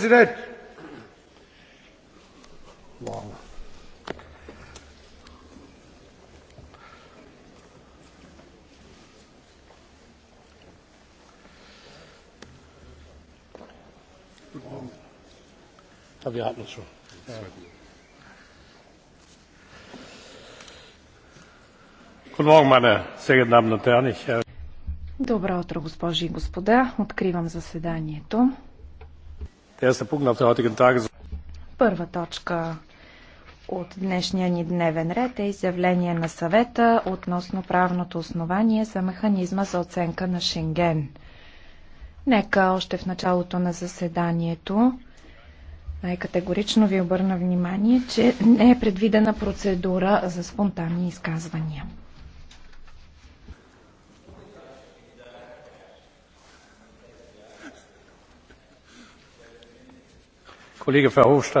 Präsident! Wow. Ja, wir hatten es schon. Ja. Guten Morgen, meine sehr geehrten Damen und Herren. Ich, äh... Добро утро, госпожи и господа. Откривам заседанието. Първа точка от днешния ни дневен ред е изявление на съвета относно правното основание за механизма за оценка на Шенген. Нека още в началото на заседанието най-категорично ви обърна внимание, че не е предвидена процедура за спонтанни изказвания. kollege